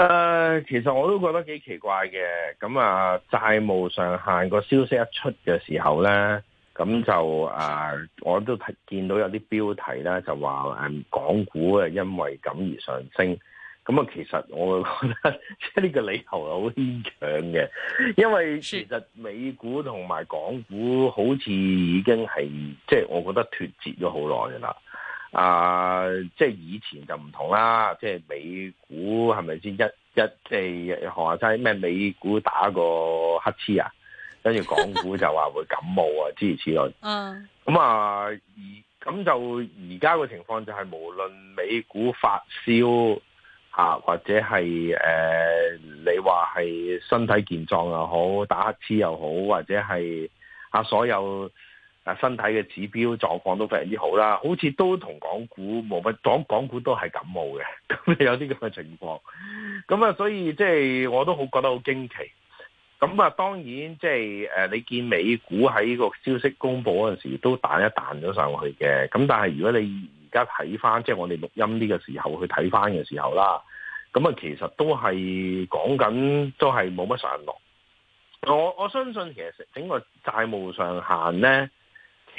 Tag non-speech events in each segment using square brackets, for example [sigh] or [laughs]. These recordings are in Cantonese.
誒、呃，其實我都覺得幾奇怪嘅，咁啊債務上限個消息一出嘅時候咧，咁就誒、啊，我都睇見到有啲標題咧就話誒、嗯，港股啊因為咁而上升，咁啊其實我覺得即係呢個理由係好牽強嘅，因為其實美股同埋港股好似已經係即係我覺得脫節咗好耐嘅啦。啊，即係以前就唔同啦，即係美股係咪先一一即係學話齋咩，美股打個乞嗤啊，跟住港股就話會感冒啊，諸如此類。嗯。咁啊，而咁就而家個情況就係無論美股發燒嚇、啊，或者係誒、啊、你話係身體健壯又好，打乞嗤又好，或者係啊所有。身體嘅指標狀況都非常之好啦，好似都同港股冇乜，講，港股都係感冒嘅，咁有啲咁嘅情況。咁啊，所以即係我都好覺得好驚奇。咁啊，當然即係誒，你見美股喺個消息公布嗰陣時都彈一彈咗上去嘅。咁但係如果你而家睇翻，即係我哋錄音呢個時候去睇翻嘅時候啦，咁啊，其實都係講緊都係冇乜上落。我我相信其實整個債務上限咧。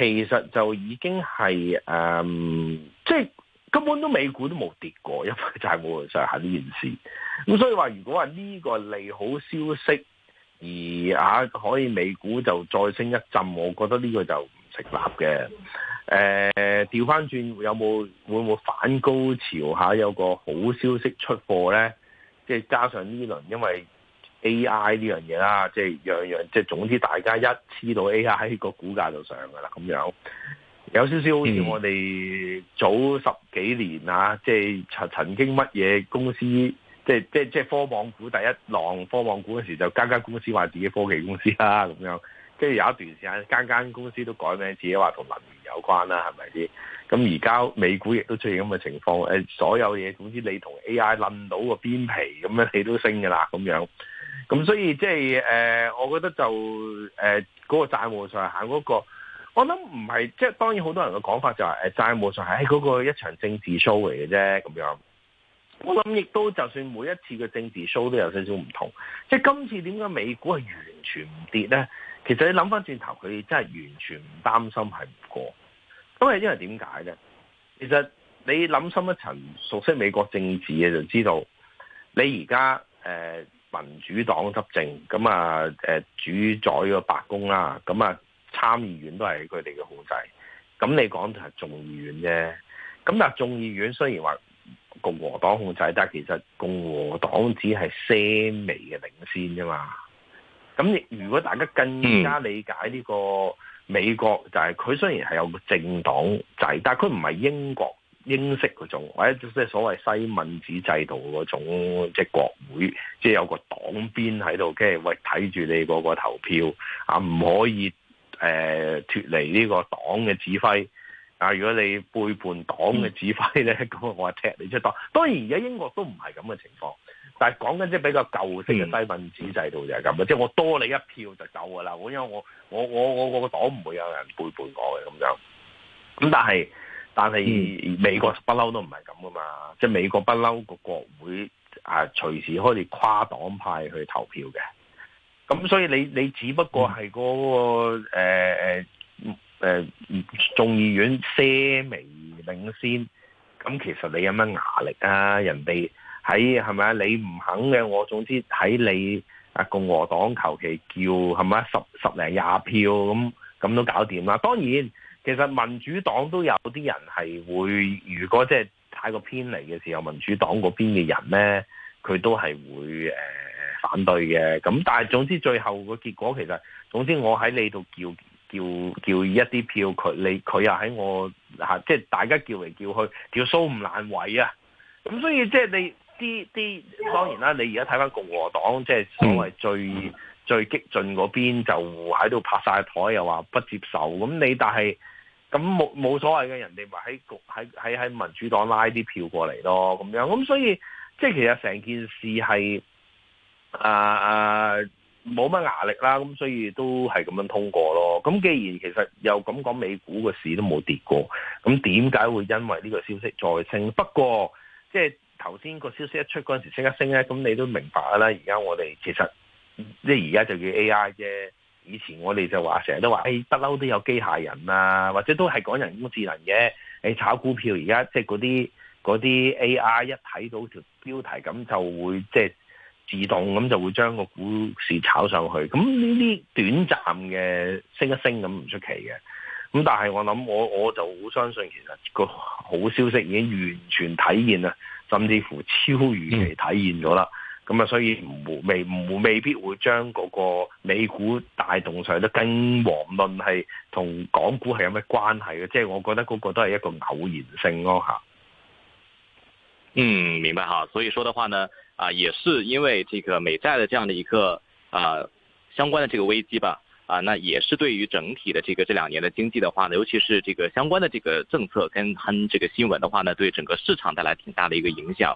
其實就已經係誒，即、嗯、係、就是、根本都美股都冇跌過，因為債務上限呢件事。咁所以話，如果話呢個利好消息而啊可以美股就再升一陣，我覺得呢個就唔成立嘅。誒、呃，調翻轉有冇會唔會反高潮下有個好消息出貨咧？即係加上呢輪，因為。A.I. 呢樣嘢啦，即係樣樣，即係總之大家一黐到 A.I. 喺個股價度上噶啦，咁樣有少少好似我哋早十幾年、嗯、啊，即係曾經經乜嘢公司，即係即係即係科網股第一浪科網股嗰時候就間間公司話自己科技公司啦，咁樣跟住有一段時間間間公司都改名，自己話同能源有關啦，係咪啲？咁而家美股亦都出現咁嘅情況，誒、呃，所有嘢總之你同 A.I. 冧到個邊皮咁樣，你都升噶啦，咁樣。咁所以即係誒，我覺得就誒嗰、呃那個債務上限嗰、那個，我諗唔係即係當然好多人嘅講法就係、是、誒、呃、債務上限係喺嗰個一場政治 show 嚟嘅啫咁樣。我諗亦都就算每一次嘅政治 show 都有少少唔同，即係今次點解美股係完全唔跌咧？其實你諗翻轉頭，佢哋真係完全唔擔心係唔過，都係因為點解咧？其實你諗深一層，熟悉美國政治嘅就知道，你而家誒，呃民主黨執政，咁啊誒主宰個白宮啦，咁啊參議院都係佢哋嘅控制。咁你講就係眾議院啫。咁但係眾議院雖然話共和黨控制得，但其實共和黨只係些微嘅領先啫嘛。咁如果大家更加理解呢個美國，就係，就係佢雖然係有個政黨制，但係佢唔係英國。英式嗰種，或者即係所謂西敏寺制度嗰種，即係國會，即係有個黨鞭喺度，即係喂睇住你嗰個投票啊，唔可以誒、呃、脫離呢個黨嘅指揮啊！如果你背叛黨嘅指揮咧，咁、嗯、 [laughs] 我踢你出黨。當然而家英國都唔係咁嘅情況，但係講緊即係比較舊式嘅西敏寺制度就係咁啦，即係我多你一票就夠㗎喇，因為我我我我個黨唔會有人背叛我嘅咁就咁，但係。但係美國不嬲都唔係咁噶嘛，即係美國不嬲個國會啊，隨時可以跨黨派去投票嘅。咁所以你你只不過係嗰個誒誒誒眾議院些微領先，咁其實你有咩牙力啊？人哋喺係咪啊？你唔肯嘅，我總之喺你啊共和黨求其叫係咪啊？十十零廿票咁咁都搞掂啦。當然。其實民主黨都有啲人係會，如果即係太過偏離嘅時候，民主黨嗰邊嘅人咧，佢都係會誒、呃、反對嘅。咁但係總之最後個結果，其實總之我喺你度叫叫叫一啲票佢你佢又喺我吓，即、啊、係、就是、大家叫嚟叫去，叫蘇唔爛位啊！咁所以即係、就是、你啲啲，當然啦，你而家睇翻共和黨即係、就是、所謂最。嗯最激進嗰邊就喺度拍晒台，又話不接受。咁你但係咁冇冇所謂嘅人哋，咪喺喺喺民主黨拉啲票過嚟咯，咁樣。咁所以即係其實成件事係啊啊冇乜壓力啦。咁所以都係咁樣通過咯。咁既然其實又咁講，美股嘅市都冇跌過，咁點解會因為呢個消息再升？不過即係頭先個消息一出嗰陣時升一升咧，咁你都明白啦。而家我哋其實。即係而家就叫 A.I. 啫，以前我哋就話成日都話，哎、欸，不嬲都有機械人啊，或者都係講人工智能嘅。你、欸、炒股票，而家即係嗰啲嗰啲 A.I. 一睇到條標題咁就會即係自動咁就會將個股市炒上去。咁呢啲短暫嘅升一升咁唔出奇嘅。咁但係我諗我我就好相信，其實個好消息已經完全體現啦，甚至乎超預期體現咗啦。嗯咁、嗯、啊，所以未唔未必會將嗰個美股帶動上咧，更遑論係同港股係有咩關係咯？即、就、係、是、我覺得嗰個都係一個偶然性咯，吓。嗯，明白哈。所以說的話呢，啊，也是因為這個美債的這樣的一個啊相關的這個危機吧，啊，那也是對於整體的這個這兩年的經濟的話呢，尤其是這個相關的這個政策跟跟這個新聞的話呢，對整個市場帶來挺大的一個影響。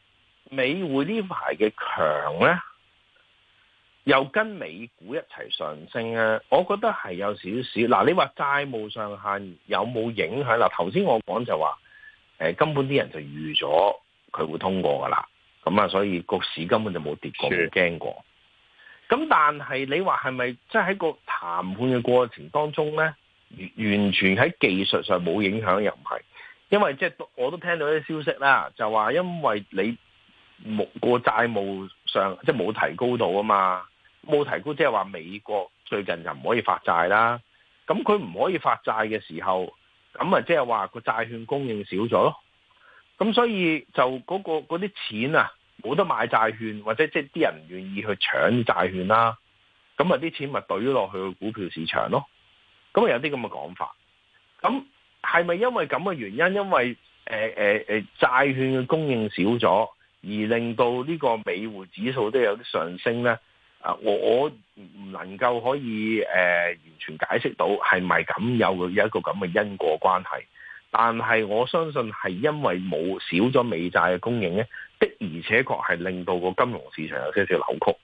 美匯呢排嘅強呢，又跟美股一齊上升啊，我覺得係有少少。嗱，你話債務上限有冇影響？嗱，頭先我講就話，根本啲人就預咗佢會通過噶啦，咁啊所以個市根本就冇跌過，冇驚過。咁但係你話係咪即係喺個談判嘅過程當中呢，完全喺技術上冇影響又唔係，因為即係我都聽到一啲消息啦，就話因為你。冇個債務上即係冇提高到啊嘛，冇提高即係話美國最近就唔可以發債啦。咁佢唔可以發債嘅時候，咁咪即係話個債券供應少咗咯。咁所以就嗰個嗰啲錢啊冇得買債券，或者即係啲人願意去搶債券啦。咁啊啲錢咪懟落去股票市場咯。咁啊有啲咁嘅講法。咁係咪因為咁嘅原因？因為誒、欸欸、債券嘅供應少咗？而令到呢個美匯指數都有啲上升呢，啊，我我唔能夠可以誒、呃、完全解釋到係咪咁有有一個咁嘅因果關係，但係我相信係因為冇少咗美債嘅供應呢，的而且確係令到個金融市場有少少扭曲，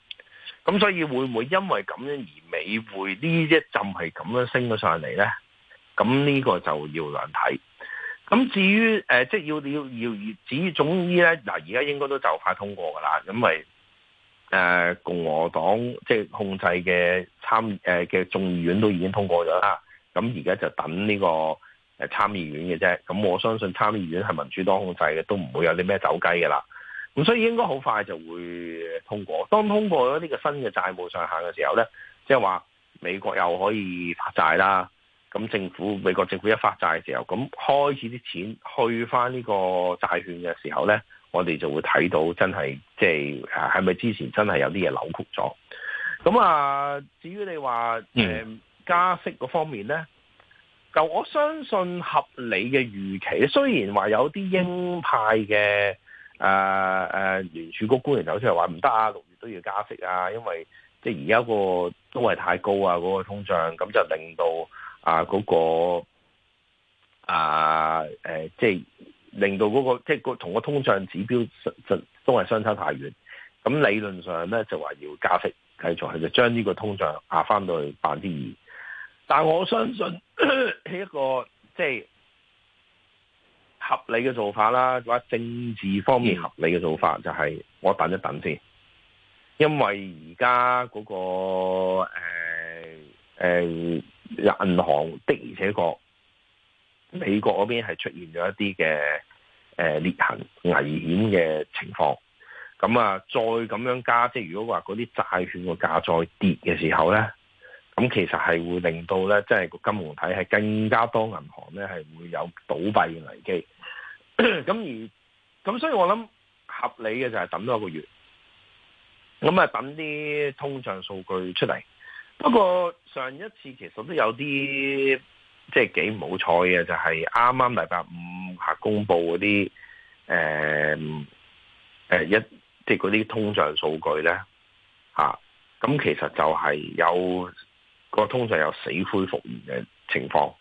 咁所以會唔會因為咁樣而美匯呢一陣係咁樣升咗上嚟呢？咁呢個就要兩睇。咁至於誒、呃，即係要要要，至於總議咧，嗱而家應該都就快通過噶啦。咁咪誒共和黨即係控制嘅參誒嘅眾議院都已經通過咗啦。咁而家就等呢個誒參議院嘅啫。咁我相信參議院係民主黨控制嘅，都唔會有啲咩走雞噶啦。咁所以應該好快就會通過。當通過咗呢個新嘅債務上限嘅時候咧，即係話美國又可以發債啦。咁政府美國政府一發債嘅時候，咁開始啲錢去翻呢個債券嘅時候咧，我哋就會睇到真係即係係咪之前真係有啲嘢扭曲咗？咁啊，至於你話、呃、加息嗰方面咧、嗯，就我相信合理嘅預期。雖然話有啲鷹派嘅誒誒聯儲局官員走出嚟話唔得啊，六月都要加息啊，因為即係而家個都係太高啊，嗰個通脹咁就令到。啊！嗰、那個啊，誒、呃，即係令到嗰個即係個同個通脹指標實質都係相差太遠。咁理論上咧就話要加息繼，繼續係就將、是、呢個通脹壓翻到去百分之二。但我相信係一個即係合理嘅做法啦，或者政治方面合理嘅做法就係、是、我等一等先，因為而家嗰個誒誒。呃呃銀行的而且確，美國嗰邊係出現咗一啲嘅，誒裂痕，危險嘅情況。咁啊，再咁樣加，即係如果話嗰啲債券個價再跌嘅時候咧，咁其實係會令到咧，即係個金融體系更加多銀行咧係會有倒閉嘅危機。咁而咁，所以我諗合理嘅就係等多一個月，咁啊等啲通脹數據出嚟。不過上一次其實都有啲即係幾唔好彩嘅，就係啱啱禮拜五下公布嗰啲誒誒一即係嗰啲通脹數據咧吓，咁、啊、其實就係有、個通脹有死灰復燃嘅情況，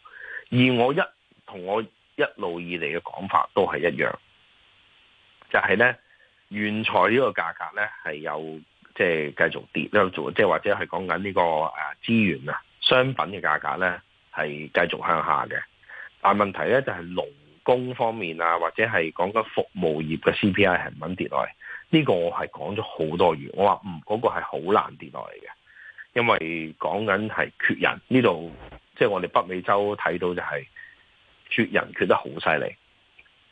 而我一同我一路以嚟嘅講法都係一樣，就係咧原材料嘅價格咧係有。即係繼續跌，呢度做即係或者係講緊呢個誒資源啊、商品嘅價格咧係繼續向下嘅。但問題咧就係勞工方面啊，或者係講緊服務業嘅 CPI 係唔肯跌落嚟。呢、這個我係講咗好多餘，我話唔嗰個係好難跌落嚟嘅，因為講緊係缺人。呢度即係我哋北美洲睇到就係缺人缺得好犀利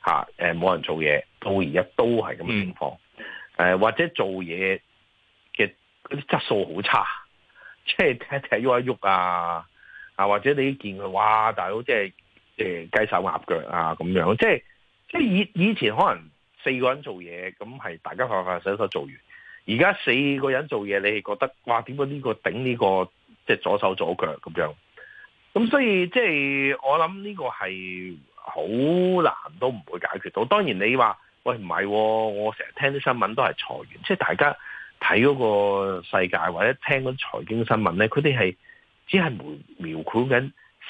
嚇，誒冇人做嘢，到而家都係咁嘅情況。誒、嗯、或者做嘢。啲質素好差，即係踢踢喐一喐啊，啊或者你見佢哇，大佬即係誒雞手鴨腳啊咁樣，即係即係以以前可能四個人做嘢，咁係大家快快手手做完，而家四個人做嘢，你係覺得哇點解呢個頂呢個即係左手左腳咁樣？咁所以即係我諗呢個係好難都唔會解決到。當然你話喂唔係喎，我成日聽啲新聞都係裁員，即係大家。睇嗰個世界或者聽嗰啲財經新聞咧，佢哋係只係描描繪緊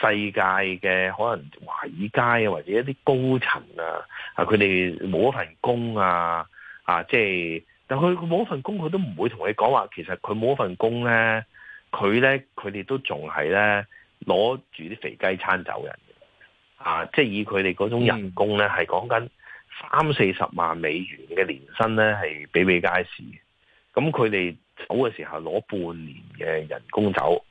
世界嘅可能華爾街啊，或者一啲高層啊，啊佢哋冇一份工啊，啊即係，但佢冇一份工，佢、啊即係、都唔會同你講話。其實佢冇一份工咧，佢咧佢哋都仲係咧攞住啲肥雞餐走人啊即係、即係、以佢哋嗰種人工咧，係講緊三四十萬美元嘅年薪咧，係比比皆是。咁佢哋走嘅時候攞半年嘅人工走，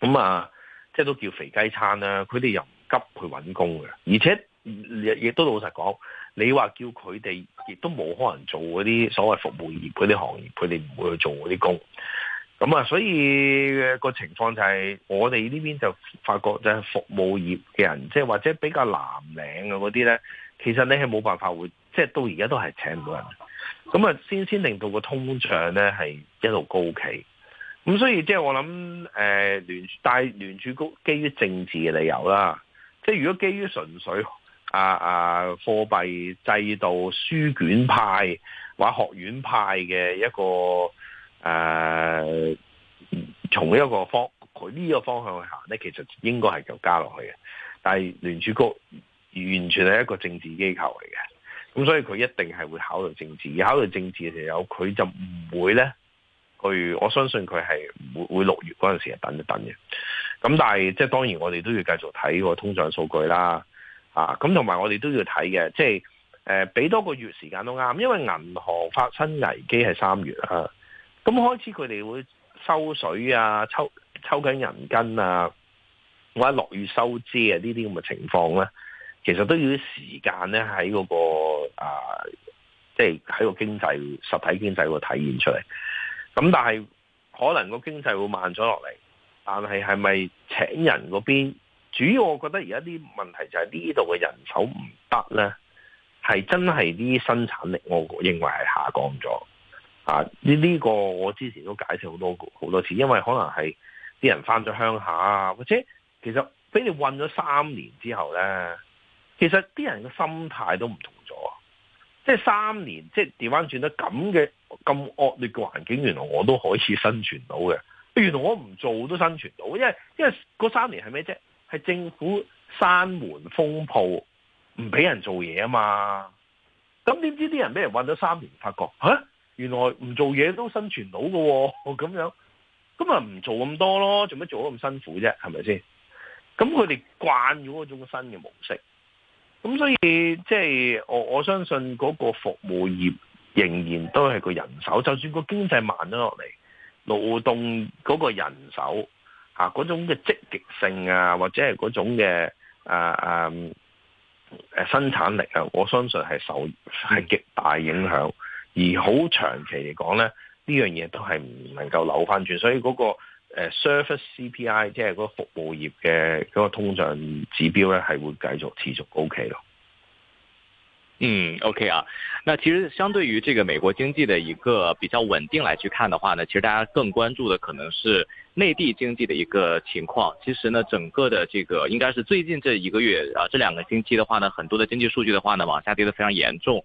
咁啊，即係都叫肥雞餐啦、啊。佢哋又唔急去揾工嘅，而且亦都老實講，你話叫佢哋亦都冇可能做嗰啲所謂服務業嗰啲行業，佢哋唔會去做嗰啲工。咁啊，所以個情況就係、係、我哋呢邊就發覺就係服務業嘅人，即係或者比較藍領嘅嗰啲咧，其實你係冇辦法會，即係到而家都係請唔到人。咁啊，先先令到個通脹咧係一路高企，咁所以即係我諗，誒、呃、聯但係聯儲局基於政治嘅理由啦，即、就、係、是、如果基於純粹啊啊貨幣制度書卷派或者學院派嘅一個誒，從、啊、一個方佢呢、呢個方向去行咧，其實應該係就加落去嘅，但係聯儲局完全係一個政治機構嚟嘅。咁所以佢一定係會考慮政治，而考慮政治嘅時候，佢就唔會咧，去我相信佢係唔會會六月嗰陣時啊等一等嘅。咁但係即係當然，我哋都要繼續睇個通脹數據啦，啊咁同埋我哋都要睇嘅，即係誒俾多個月時間都啱，因為銀行發生危機係三月啊，咁開始佢哋會收水啊，抽抽緊銀根啊，或者落雨收遮啊呢啲咁嘅情況咧。其實都要啲時間咧、那個，喺嗰個啊，即係喺個經濟、實體經濟個體現出嚟。咁但係可能個經濟會慢咗落嚟，但係係咪請人嗰邊？主要我覺得而家啲問題就係呢度嘅人手唔得咧，係真係啲生產力，我認為係下降咗啊！呢、這、呢個我之前都解釋好多好多次，因為可能係啲人翻咗鄉下啊，或者其實俾你困咗三年之後咧。其實啲人嘅心態都唔同咗啊，即係三年，即係調翻轉得咁嘅咁惡劣嘅環境，原來我都開始生存到嘅。原來我唔做都生存到，因為因為嗰三年係咩啫？係政府閂門封鋪，唔俾人做嘢啊嘛。咁點知啲人俾人混咗三年，發覺吓、啊，原來唔做嘢都生存到嘅，哦，咁樣咁啊唔做咁多咯，做乜做咁辛苦啫？係咪先？咁佢哋慣咗嗰種新嘅模式。咁所以即係我我相信嗰個服務業仍然都係個人手，就算個經濟慢咗落嚟，勞動嗰個人手啊嗰種嘅積極性啊，或者係嗰種嘅誒誒誒生產力啊，我相信係受係極大影響，而好長期嚟講咧呢樣嘢，這個，都係唔能夠扭翻轉，所以嗰，嗰個。Service CPI 即係嗰個服務業嘅嗰個通脹指標咧，係會繼續持續 O K 咯。嗯，OK 啊。那其實相對於這個美國經濟的一個比較穩定來去看的話呢，其實大家更關注的可能是內地經濟的一個情況。其實呢，整個的這個應該是最近這一個月啊，這兩個星期的話呢，很多的經濟數據的話呢，往下跌得非常嚴重。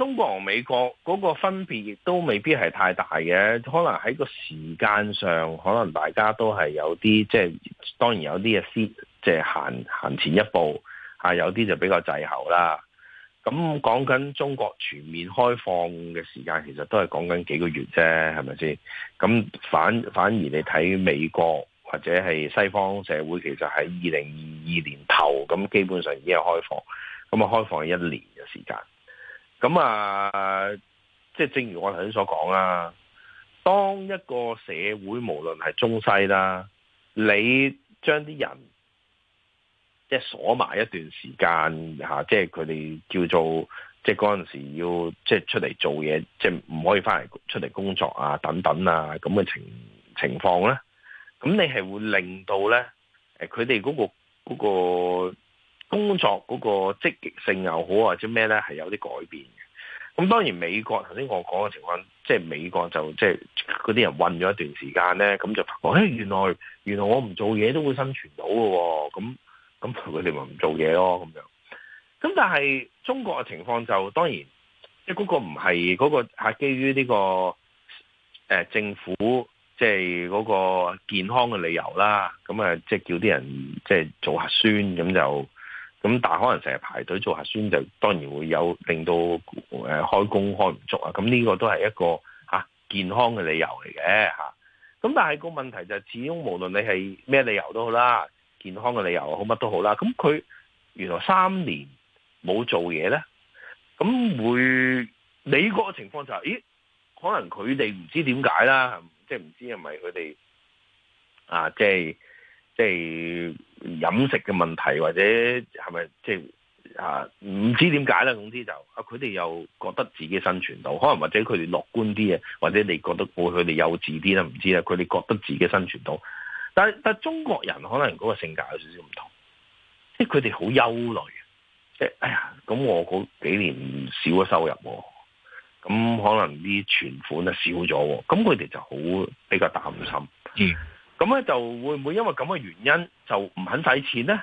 中國同美國嗰個分別亦都未必係太大嘅，可能喺個時間上，可能大家都係有啲即係當然有啲嘅先，即係行行前一步嚇，有啲就比較滯後啦。咁講緊中國全面開放嘅時間，其實都係講緊幾個月啫，係咪先？咁、嗯、反反而你睇美國或者係西方社會，其實喺二零二二年頭，咁、嗯、基本上已經開放，咁、嗯、啊開放一年嘅時間。咁啊，即係正如我頭先所講啦，當一個社會無論係中西啦，你將啲人即係鎖埋一段時間吓，即係佢哋叫做即係嗰陣時要即係出嚟做嘢，即係唔可以翻嚟出嚟工作啊，等等啊，咁嘅情情況咧，咁你係會令到咧，誒，佢哋嗰個嗰個。那個工作嗰個積極性又好或者咩咧，係有啲改變嘅。咁當然美國頭先我講嘅情況，即係美國就即係嗰啲人混咗一段時間咧，咁就發覺誒原來原來我唔做嘢都會生存到嘅喎。咁咁佢哋咪唔做嘢咯，咁樣。咁但係中國嘅情況就當然，即係嗰個唔係嗰個係基於呢個誒政府即係嗰個健康嘅理由啦。咁啊即係叫啲人即係做核酸咁就。咁但係可能成日排隊做核酸就當然會有令到誒、呃、開工開唔足啊！咁呢個都係一個嚇健康嘅理由嚟嘅嚇。咁、啊、但係個問題就係、是，始終無論你係咩理由都好啦，健康嘅理由好乜都好啦。咁佢原來三年冇做嘢咧，咁會你個情況就係、是，咦？可能佢哋唔知點解啦，即係唔知係咪佢哋啊，即、就、係、是。即係飲食嘅問題，或者係咪即係啊？唔知點解啦，總之就啊，佢哋又覺得自己生存到，可能或者佢哋樂觀啲啊，或者你覺得我佢哋幼稚啲啦，唔知啦，佢哋覺得自己生存到。但係但係中國人可能嗰個性格有少少唔同，即係佢哋好憂慮，即係哎呀，咁我嗰幾年少咗收入，咁可能啲存款啊少咗，咁佢哋就好比較擔心。嗯。咁咧就會唔會因為咁嘅原因就唔肯使錢咧？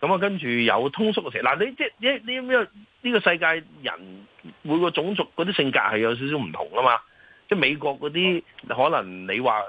咁啊跟住有通縮嘅時，嗱你即係呢呢咩？呢個世界人每個種族嗰啲性格係有少少唔同啊嘛！即係美國嗰啲、嗯、可能你話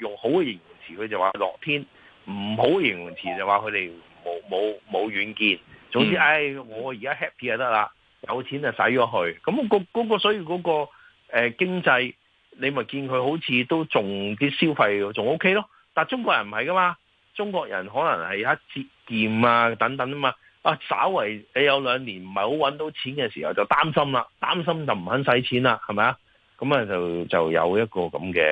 用好嘅形容詞，佢就話樂天；唔好嘅形容詞就話佢哋冇冇冇遠見。總之，唉、嗯哎，我而家 happy 就得啦，有錢就使咗去。咁、嗰個、嗰個所以嗰個誒、呃、經濟，你咪見佢好似都仲啲消費仲 O K 咯。但中國人唔係噶嘛，中國人可能係一節儉啊等等啊嘛，啊稍為你有兩年唔係好揾到錢嘅時候就擔心啦，擔心就唔肯使錢啦，係咪啊？咁啊就就有一個咁嘅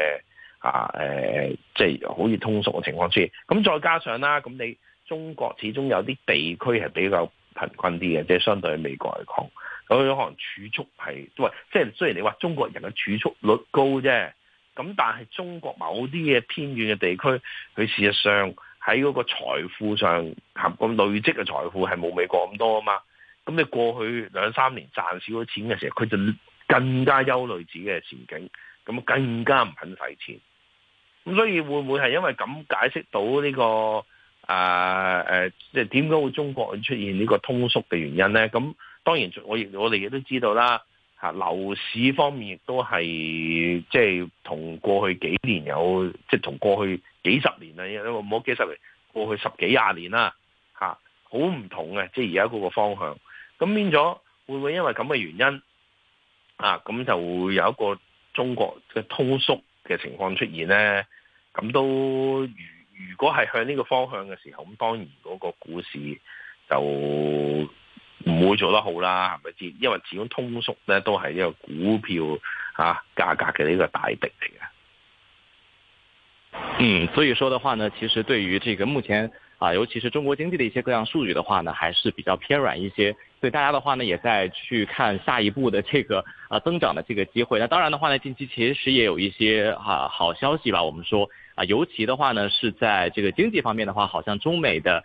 啊誒，即係好似通俗嘅情況出現。咁再加上啦，咁你中國始終有啲地區係比較貧困啲嘅，即係相對美國嚟講，咁樣可能儲蓄係都係，即係雖然你話中國人嘅儲蓄率高啫。咁但係中國某啲嘅偏遠嘅地區，佢事實上喺嗰個財富上合個累積嘅財富係冇美國咁多啊嘛。咁你過去兩三年賺少咗錢嘅時候，佢就更加憂慮自己嘅前景，咁更加唔肯使錢。咁所以會唔會係因為咁解釋到呢、呢個啊即係點解會中國會出現呢個通縮嘅原因咧？咁當然我我哋亦都知道啦。吓、啊，樓市方面亦都係即係同過去幾年有，即係同過去幾十年啊，因為冇幾十年，過去十幾廿年啦，吓好唔同嘅，即係而家嗰個方向。咁變咗，會唔會因為咁嘅原因啊？咁就會有一個中國嘅通縮嘅情況出現咧？咁都如如果係向呢個方向嘅時候，咁當然嗰個股市就。唔會做得好啦，係咪先？因為始終通縮呢都係一個股票啊、啊、價格嘅一個大敵嚟嘅。嗯，所以說的話呢，其實對於這個目前啊，尤其是中國經濟的一些各樣數據的話呢，還是比較偏軟一些。所以大家的話呢，也在去看下一步的這個啊增長的這個機會。那當然的話呢，近期其實也有一些啊、啊、好消息吧。我們說啊，尤其的話呢，是在這個經濟方面的話，好像中美的。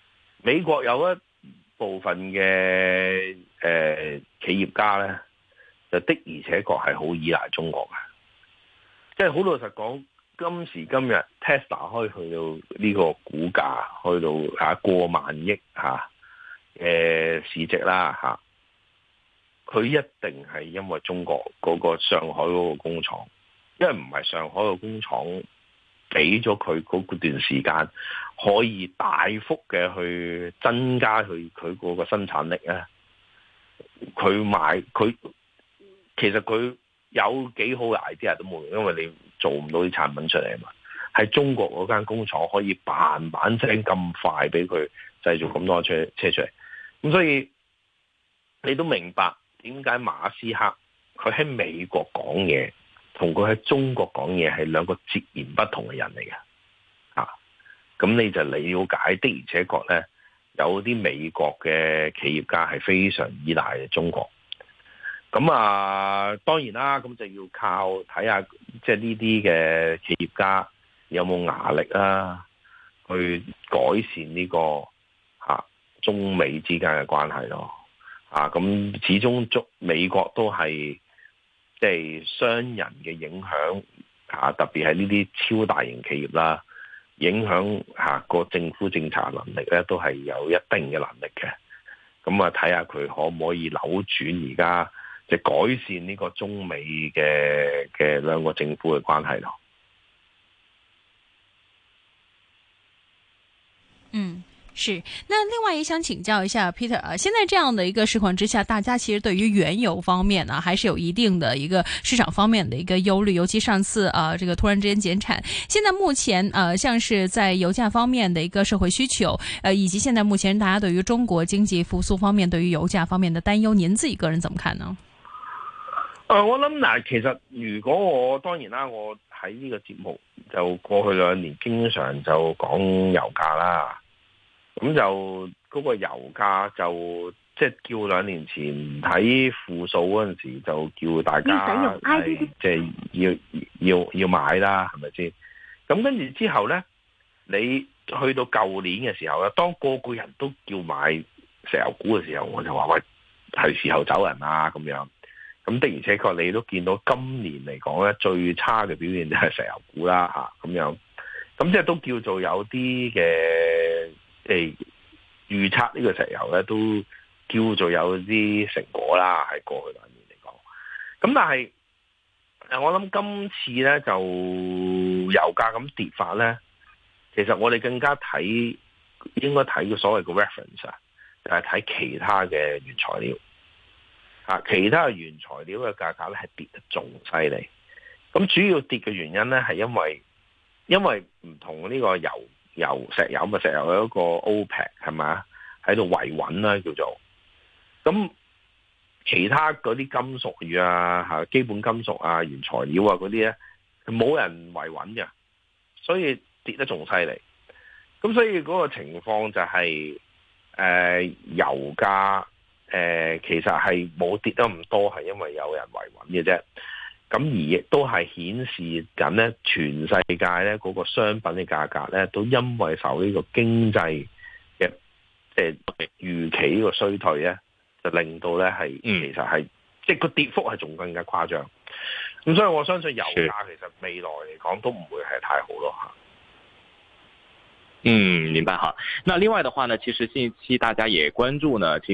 美國有一部分嘅誒、呃、企業家咧，就的而且確係好依賴中國嘅，即係好老實講，今時今日，Tesla 可以去到呢個股價去到吓過萬億吓誒市值啦吓，佢、啊、一定係因為中國嗰個上海嗰個工廠，因為唔係上海嘅工廠。俾咗佢嗰段時間，可以大幅嘅去增加佢佢嗰個生產力咧。佢買佢其實佢有幾好嘅 idea 都冇用，因為你做唔到啲產品出嚟嘛。喺中國嗰間工廠可以嘭嘭聲咁快俾佢製造咁多車車出嚟。咁所以你都明白點解馬斯克佢喺美國講嘢，同佢喺中國講嘢係兩個截然不同嘅人嚟嘅，啊，咁你就理解，的而且確咧，有啲美國嘅企業家係非常依賴嘅中國。咁啊，當然啦，咁就要靠睇下即係呢啲嘅企業家有冇壓力啦，啊，去改善呢、呢個、啊、中美之間嘅關係咯。啊，咁始終中美國都係。即係商人嘅影響，啊，特別係呢啲超大型企業啦，影響下個政府政策能力咧，都係有一定嘅能力嘅。咁啊，睇下佢可唔可以扭轉而家，即係改善呢個中美嘅嘅兩個政府嘅關係咯。嗯。是，那另外也想請教一下 Peter 啊，現在這樣的一個市況之下，大家其實對於原油方面呢，啊，還是有一定的一個市場方面的一個憂慮，尤其上次啊，這個突然之間減產，現在目前啊，像是在油價方面的一個社會需求，呃，以及現在目前大家對於中國經濟復甦方面，對於油價方面的擔憂，您自己個人怎麼看呢？呃，我諗嗱，其實如果我當然啦，我喺呢個節目就過去兩年經常就講油價啦。咁就嗰個油價就即係、就是、叫兩年前睇負數嗰陣時就叫大家係即係要要要買啦，係咪先？咁跟住之後咧，你去到舊年嘅時候咧，當個個人都叫買石油股嘅時候，我就話喂，係時候走人啦咁樣。咁的而且確你都見到今年嚟講咧，最差嘅表現就係石油股啦吓，咁樣。咁即係都叫做有啲嘅。誒、哎，預測呢個石油咧都叫做有啲成果啦，喺過去兩年嚟講。咁但係誒，我諗今次咧就油價咁跌法咧，其實我哋更加睇應該睇個所謂嘅 reference，就係睇其他嘅原材料。啊、其他嘅原材料嘅價格咧係跌得仲犀利。咁主要跌嘅原因咧係因為因為唔同呢個油。油、石油咪石油有一個 OPEC 係咪，喺度維穩啦叫做，咁其他嗰啲金屬啊，嚇基本金屬啊，原材料啊嗰啲咧冇人維穩嘅，所以跌得仲犀利。咁所以嗰個情況就係、是、誒、呃、油價誒、呃、其實係冇跌得咁多，係因為有人維穩嘅啫。咁而亦都係顯示緊咧，全世界咧嗰個商品嘅價格咧，都因為受呢個經濟嘅誒預期呢個衰退咧，就令到咧係其實係即係個跌幅係仲更加誇張。咁所以我相信油價其實未來嚟講都唔會係太好咯嚇。嗯，明白哈。嗱，另外嘅話呢，其實近期大家也關注呢這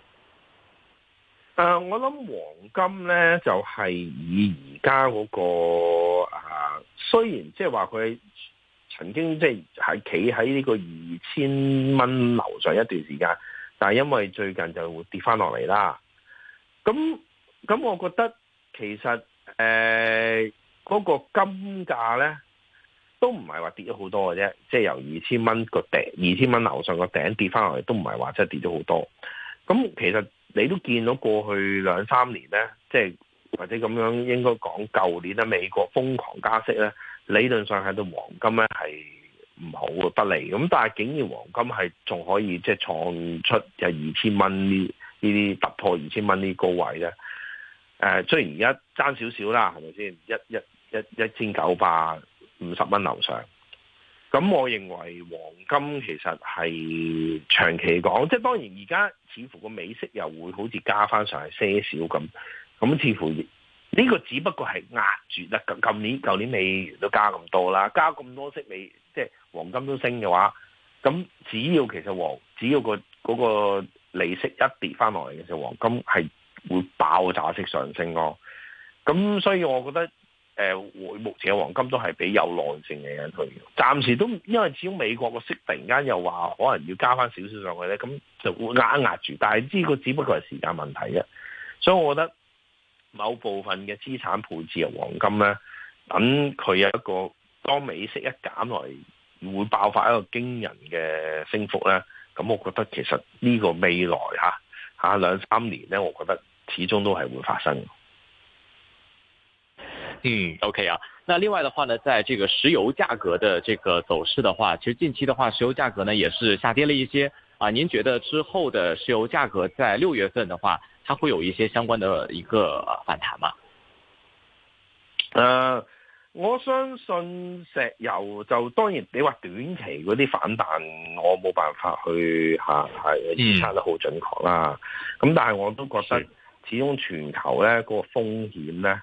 誒、呃，我諗黃金咧就係、是、以而家嗰個誒、啊，雖然即係話佢曾經即係係企喺呢個二千蚊樓上一段時間，但係因為最近就會跌翻落嚟啦。咁咁，那我覺得其實誒嗰、呃那個金價咧都唔係話跌咗好多嘅啫，即、就、係、是、由二千蚊個頂，二千蚊樓上個頂跌翻落嚟都唔係話真係跌咗好多。咁其實。你都見到過去兩三年呢，即係或者咁樣應該講舊年咧，美國瘋狂加息呢，理論上喺度黃金呢係唔好嘅不利。咁但係竟然黃金係仲可以即係創出就二千蚊呢呢啲突破二千蚊呢高位呢？誒，雖然而家爭少少啦，係咪先？一一一千九百五十蚊樓上。咁，我認為黃金其實係長期講，即係當然而家似乎個美息又會好似加翻上嚟些少咁，咁似乎呢、呢個只不過係壓住啦。近年舊年你都加咁多啦，加咁多息你，即係黃金都升嘅話，咁只要其實黃，只要、嗰個嗰、嗰個利息一跌翻落嚟嘅時候，黃金係會爆炸式上升咯。咁所以我覺得。誒，會目前嘅黃金都係比有耐性嘅人去，暫時都因為只要美國個息突然間又話可能要加翻少少上去咧，咁就會壓壓住。但係呢個只不過係時間問題啫，所以我覺得某部分嘅資產配置啊，黃金咧，等佢有一個當美息一減落嚟，會爆發一個驚人嘅升幅咧。咁我覺得其實呢個未來吓吓兩三年咧，我覺得始終都係會發生的。嗯，OK 啊，那另外的話呢，在這個石油價格的這個走勢的話，其實近期的話，石油價格呢也是下跌了一些啊。您覺得之後的石油價格在六月份的話，它會有一些相關的一個反彈嗎？嗯、呃，我相信石油就當然你話短期嗰啲反彈，我冇辦法去吓係預測得好準確啦。咁、啊啊啊嗯啊、但係我都覺得，始終全球呢嗰、嗰個風險呢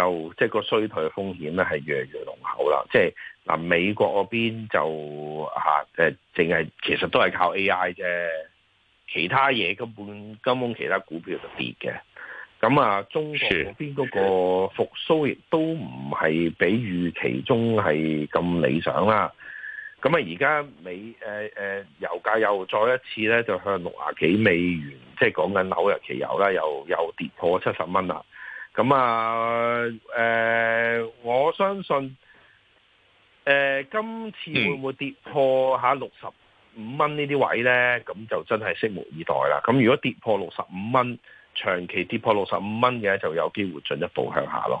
就即係、就是、個衰退風險咧，係越嚟越濃厚啦。即係嗱，美國嗰邊就嚇誒，淨係其實都係靠 AI 啫，其他嘢根本，根本其他股票就跌嘅。咁啊，中國嗰邊嗰個復甦亦都唔係比預期中係咁理想啦。咁啊，而家美誒誒油價又再一次咧，就向六啊幾美元，即係講緊紐日期油啦，又又跌破七十蚊啦。咁啊，誒、呃，我相信誒、呃，今次會唔會跌破下六十五蚊呢啲位咧？咁就真係拭目以待啦。咁如果跌破六十五蚊，長期跌破六十五蚊嘅，就有機會進一步向下咯。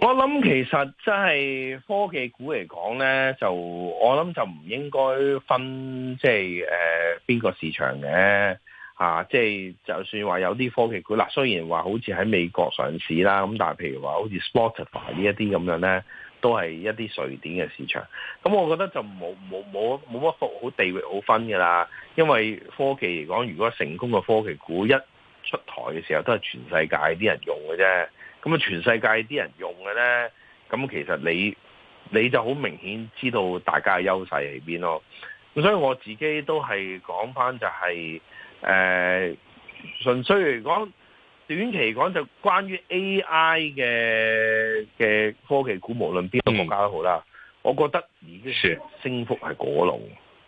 我諗其實真係科技股嚟講咧，就我諗就唔應該分即係誒邊個市場嘅吓，即係就算話有啲科技股啦，雖然話好似喺美國上市啦，咁但係譬如話好似 Spotify 呢一啲咁樣咧，都係一啲瑞典嘅市場。咁我覺得就冇冇冇冇乜好地域好分噶啦，因為科技嚟講，如果成功嘅科技股一出台嘅時候，都係全世界啲人用嘅啫。咁啊，全世界啲人用嘅咧，咁其實你你就好明顯知道大家嘅優勢喺邊咯。咁所以我自己都係講翻就係誒純粹嚟講，短期嚟講就關於 AI 嘅嘅科技股，無論邊個國家都好啦，我覺得已經係升幅係過龍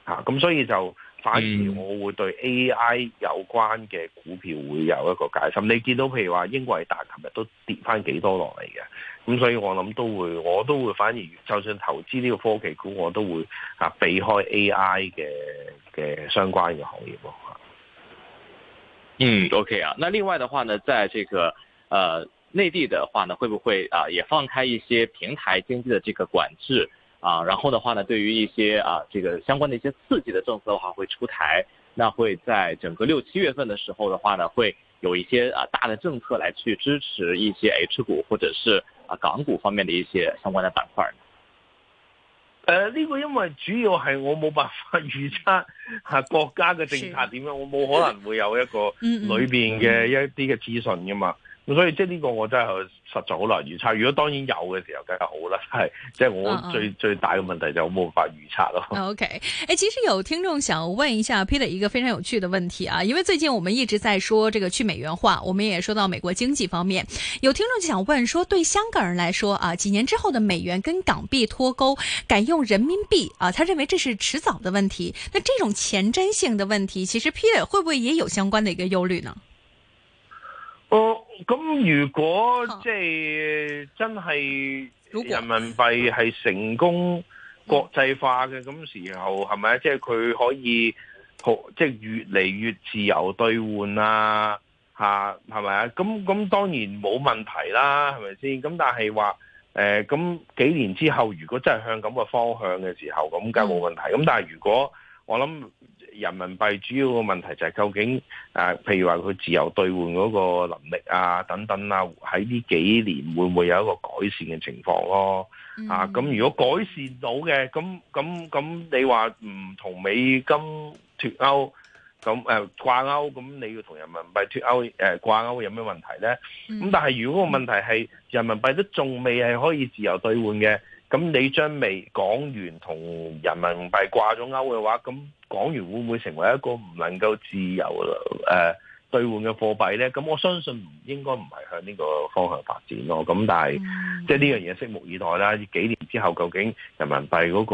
吓，咁所以就。反而我會對 AI 有關嘅股票會有一個戒心。你見到譬如話英偉達琴日都跌翻幾多落嚟嘅，咁所以我諗都會我都會反而就算投資呢個科技股，我都會啊避開 AI 嘅嘅相關嘅行業。嗯，OK 啊，那另外的話呢，在這個呃內地的話呢，會不會啊也放開一些平台經濟的這個管制？啊，然後的話呢，對於一些啊，這個相關的一些刺激的政策的話會出台，那會在整個六七月份的時候的話呢，會有一些啊大的政策來去支持一些 H 股，或者是啊港股方面的一些相關的板塊。呃，這個因為主要係我冇辦法預測吓國家嘅政策點樣，我冇可能會有一個裏面嘅一啲嘅資訊噶嘛。所以呢個我真係實在好難預測。如果當然有嘅時候梗係好啦，係即係我最最大嘅問題就冇辦法預測咯。O K，誒，其實有聽眾想問一下 Peter 一個非常有趣的問題啊，因為最近我們一直在說這個去美元化，我們也說到美國經濟方面，有聽眾就想問說，對香港人來說啊，幾年之後的美元跟港幣脱鈎，改用人民幣啊，他認為這是遲早的問題。那這種前瞻性的問題，其實 Peter 會不會也有相關的一個憂慮呢？哦，咁如果即係真係人民幣係成功國際化嘅咁時候，係咪啊？即係佢可以好，即係越嚟越自由兌換啊？吓，係咪啊？咁咁當然冇問題啦，係咪先？咁但係話，誒、呃，咁幾年之後，如果真係向咁嘅方向嘅時候，咁梗係冇問題，咁但係如果我諗。人民幣主要個問題就係究竟誒，譬如話佢自由兌換嗰個能力啊，等等啊，喺呢幾年會唔會有一個改善嘅情況咯？啊，咁如果改善到嘅，咁咁咁，你話唔同美金脫鈎咁誒掛鈎，咁你要同人民幣脫鈎誒掛鈎有咩問題咧？咁但係如果個問題係人民幣都仲未係可以自由兌換嘅。咁你將未港元同人民幣掛咗鈎嘅話，咁港元會唔會成為一個唔能夠自由誒、呃、兌換嘅貨幣呢？咁我相信應該唔係向呢個方向發展咯。咁但係即係呢樣嘢，嗯就是、拭目以待啦。幾年之後，究竟人民幣嗰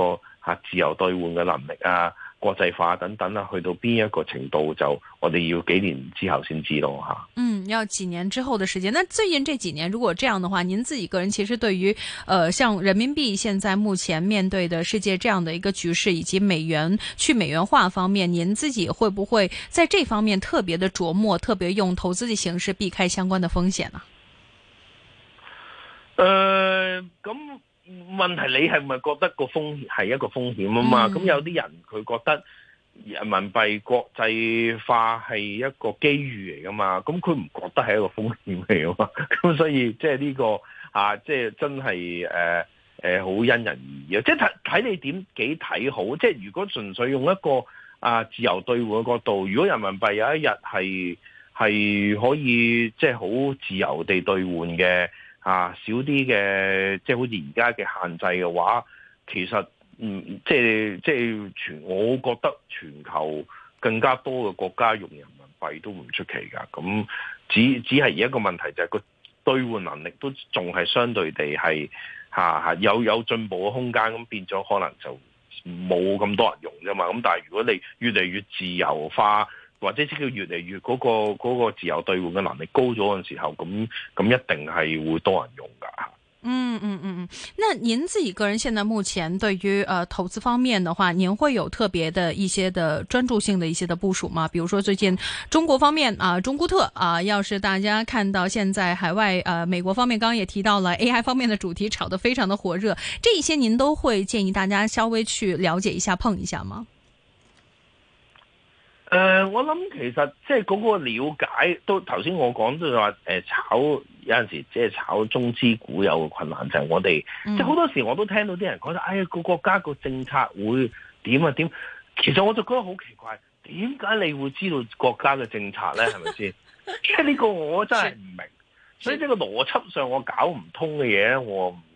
個自由兌換嘅能力啊，國際化等等啦，去到邊一個程度就我哋要幾年之後先知道。吓。嗯，要幾年之後的時間。那最近這幾年如果這樣的話，您自己個人其實對於，呃，像人民幣現在目前面對的世界這樣的一個局勢，以及美元去美元化方面，您自己會不會在這方面特別的琢磨，特別用投資的形式避開相關的風險呢，啊？呃，咁。問題是你係咪覺得個風險係一個風險啊嘛？咁、嗯、有啲人佢覺得人民幣國際化係一個機遇嚟噶嘛？咁佢唔覺得係一個風險嚟啊嘛？咁所以即係呢個啊，即、就、係、是、真係誒誒，好、呃、因、呃、人而異啊！即係睇睇你點幾睇好？即、就、係、是、如果純粹用一個啊自由兌換嘅角度，如果人民幣有一日係係可以即係好自由地兌換嘅。啊，少啲嘅，即係好似而家嘅限制嘅話，其實嗯，即係即係全，我覺得全球更加多嘅國家用人民幣都唔出奇㗎。咁只只係而家一個問題、就係，就係個兌換能力都仲係相對地係、啊、有有進步嘅空間，咁變咗可能就冇咁多人用啫嘛。咁但係如果你越嚟越自由化。或者即叫越嚟越嗰個嗰個自由兌換嘅能力高咗嘅時候，咁咁一定係會多人用噶嗯嗯嗯，那您自己個人現在目前對於投資方面的話，您會有特別的一些的專注性的一些的部署嗎？比如說最近中國方面啊，中國特啊，要是大家看到現在海外呃、啊、美國方面，剛剛也提到了 AI 方面的主題炒得非常的火熱，這一些您都會建議大家稍微去了解一下碰一下嗎？誒、呃，我諗其實即係嗰個了解，都頭先我講到話，誒炒有陣時即係炒中資股有個困難就係、是、我哋，即係好多時我都聽到啲人講就，哎呀個國家個政策會點啊點，其實我就覺得好奇怪，點解你會知道國家嘅政策咧？係咪先？即係呢個我真係唔明， [laughs] 所以即個邏輯上我搞唔通嘅嘢我。